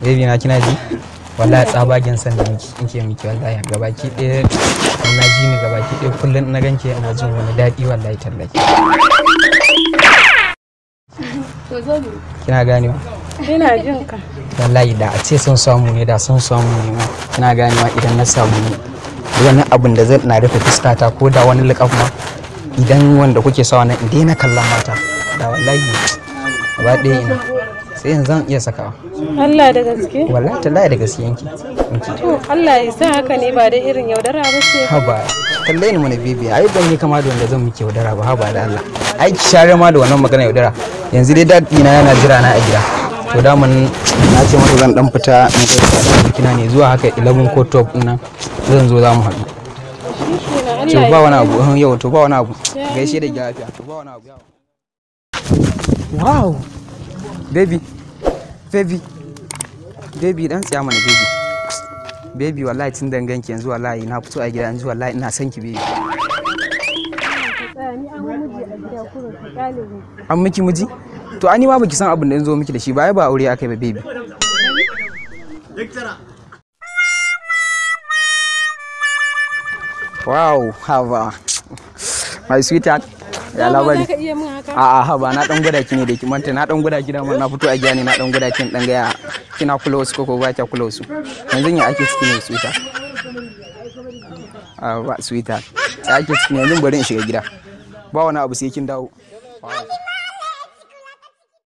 baby na kina ji wallahi tsabagen san da miki nake miki wallahi ga baki ɗaya na ji ni ga baki ɗaya kullun na ganke ina jin wani daɗi wallahi tallaki kina gani ganewa ina jin ka wallahi da a ce sun samu ne da sun samu ne ma kina gani ganewa idan na samu ne wani abun da zan na rufe ta ko da wani liƙaf ma idan wanda kuke sawa na in na kallon mata da wallahi ba ɗaya ina sai yanzu zan iya sakawa Allah da gaske wallahi tallahi da gaske yanki to Allah ya sa haka ne ba da irin yaudara ba ce haba kalle ni mana bibi ai ban yi kama da wanda zan miki yaudara ba haba da Allah ai ki share ma da wannan magana yaudara yanzu dai dadi na yana jira na a gida to da mun na ce mata zan dan fita in kai kina ne zuwa haka 11 ko 12 nan zan zo za mu haɗu to ba wani abu eh, yau to ba wani abu gaishe da gafiya to ba wani abu wow baby baby baby dan tsaya mana baby baby wallahi tun danganki yanzu wallahi na fito a gida yanzu wallahi ina son ki baby an miki miji to ani ma baki san abin da zo miki da shi baya ba aure akai ba baby wow hava my sweetheart ya labari a a ha ba na dan guda ki ne da ki manta na dan guda ki da na fito a giya ne na dan guda ki dan gaya kina kula wasu ko ba kya kula wasu yanzu ya ake cikin ne suita a ba suita ya ake cikin yanzu bari in shiga gida ba wani abu sai kin dawo